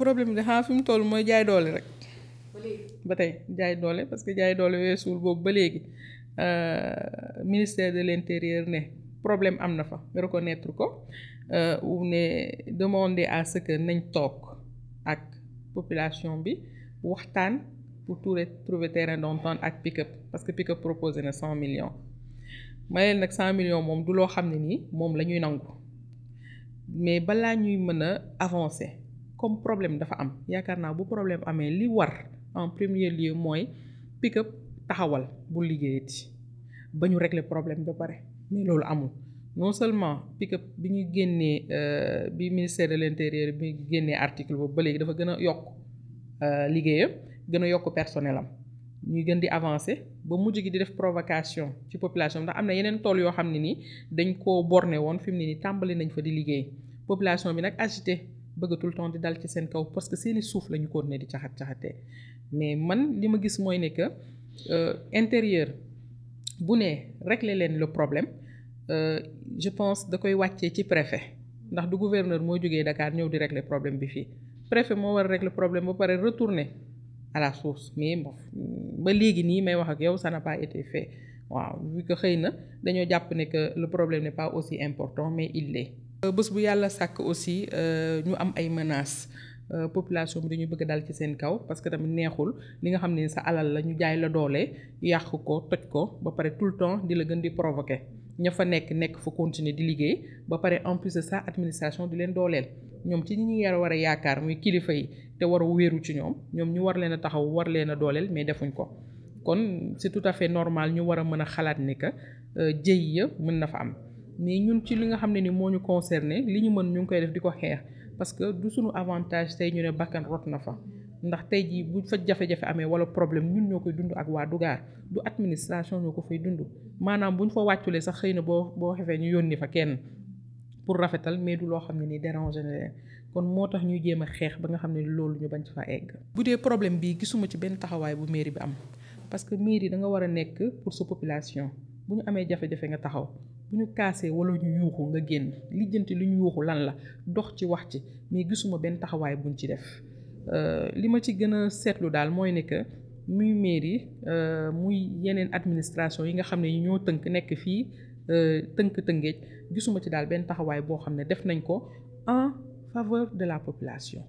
problème de xanaa fi mu toll mooy jaay doole rek. ba tey jaay doole parce que jaay doole weesuul boobu ba léegi euh, ministère de l'intérieur ne problème am na fa reconnaître ko euh, ou ne demandé à ce que nañ toog ak population bi waxtaan pour trouver terrain d'entente ak pick-up parce que pick-up proposé na cent millions ma leen nag cent millions moom du loo xam ne nii moom la ñuy nangu mais balaa ñuy mën a avancer comme problème dafa am yaakaar naa bu problème amee li war en premier lieu mooy pick up taxawal bu liggéeyati ba ñu régler problème ba pare mais loolu amul non seulement pick up bi ñu génnee euh, bi ministère de l' intérieur bi génnee article boobu ba léegi dafa gën a yokk euh, liggéeyam gën a yokk personnel am ñuy gën di avancer ba mujj gi di def provocation ci population ndax am na yeneen tool yoo xam ne nii dañ koo borne woon fi mu ne nii tàmbali nañ fa di liggéey population bi nag agité bëgg tout le temps di dal ci seen kaw parce que c'est suuf la ñu ko ne di caxat caxatee mais man li ma gis mooy ne que euh, intérieur bu ne régler le problème euh, je pense da koy wàccee ci préfet ndax du gouverneur moo jógee Dakar ñëw di régler problème bi fii préfet moo war a régler problème ba pare retourner à la source mais ba léegi nii may wax ak yow ça n'a pas été fait waaw vu que xëy na dañoo jàpp ne que le problème n'est pas aussi important mais il l'est euh, bés bu yàlla sàkk aussi euh, ñu am ay menaces euh, population bi dañuy bëgg dal ci seen kaw parce que tamit neexul li nga xam ne sa alal la ñu jaay la doole yàq ko toj ko ba pare tout le temps di la gën di provoquer ña fa nekk nekk fa continuer di liggéey ba pare en plus de ça administration di leen dooleel ñoom ci ñi ñu yar war a yaakaar muy kilifa yi te war a wéeru ci ñoom ñoom ñu war leen a taxaw war leen a dooleel mais defuñ ko kon c'est tout à fait normal ñu war a mën a xalaat ni que jëy ya mën na fa am. mais ñun ci li nga xam ne ni moo ñu concerné li ñu mën ñu ngi koy def di ko xeex parce que du suñu avantage tey ñu ne bakkan rot na fa ndax tey jii bu fa jafe-jafe amee wala problème ñun ñoo koy dund ak waa Dugar du administration ñoo ko fay dund maanaam bu ñu fa wàcculee sax xëy na boo boo xefee ñu yónni fa kenn pour rafetal mais du loo xam ne nii déranger na leen kon moo tax ñuy jéem a xeex ba nga xam ne loolu ñu bañ ci fa egg. bu dee problème bii gisuma ci benn taxawaay bu bi am parce que mairie da nga war a nekk pour population bu ñu amee jafe nga taxaw. bu ñu kaasee wala ñu yuuxu nga génn lijjanti lu ñu yuuxu lan la dox ci wax ci mais gisuma benn taxawaay buñ ci def euh, li ma ci gën a seetlu daal mooy ne que muy mairie euh, muy yeneen administration yi nga xam ne ñoo tënk nekk fii euh, tënk tëngeej gisuma ci daal benn taxawaay boo xam ne def nañ ko en faveur de la population